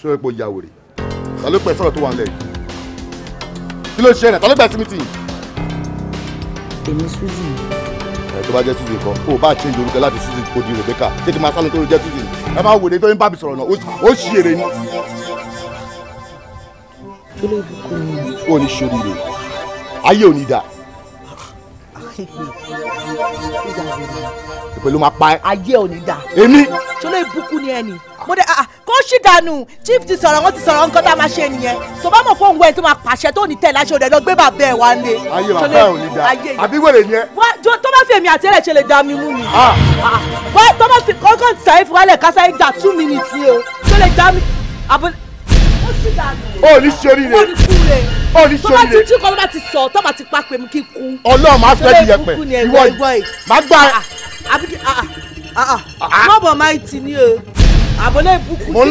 ṣé o epo ìyá wèrè ta ló pẹ́ sọ̀rọ̀ tó wà ń lẹ̀ kí ló ṣe rẹ̀ ta ló pẹ́ sí mi tì í. èmi Suzy. ẹ tó bá jẹ́ Suzy kan kó o bá ṣe ìdorúkọ láti Suzy kó di Rebecca ṣé kí n máa sálọ tó ló jẹ́ Suzy ẹ máa wèrè tó ń bá mi sọ̀rọ̀ náà ó ṣì èrè ni. kí ló dùn kún mi. ó ní ṣorí rè ayé ò ní dáa ìpè ló máa pa ẹ. ayé ò ní da. èmi. ṣọlá ìbùkún ni ẹni mo dé ah kó ṣì dànù chief ti sọ̀rọ̀ wọn ti sọ̀rọ̀ nǹkan tá a máa ṣe nìyẹn tó bá mọ̀ fóun wẹ̀ tó máa pàṣẹ tó ní tẹ̀ láṣẹ òde lọ gbé bàbá ẹ̀ wá lé. ayé bàbá ẹ ò ní da àbí wèrè ni ẹ. wá jọ tó bá fi èmi àti ẹlẹ́ṣẹ̀ lè da mi mú mi. wá tó bá fi kọ́kọ́ sàyè fún wálẹ̀ kásá two minutes ni o tó lè da mi àbúlé. ó ṣì dànù. ó ní sori rẹ ó ní kú rẹ ó ní sori rẹ tó bá ti tí kọ́ bá ti sọ tó bá ti pa pé mi kí kú. ọlọ́run ah ah ah ah mọ̀bọ̀ máa ti ní àbọ̀lẹ̀ ìbùkún.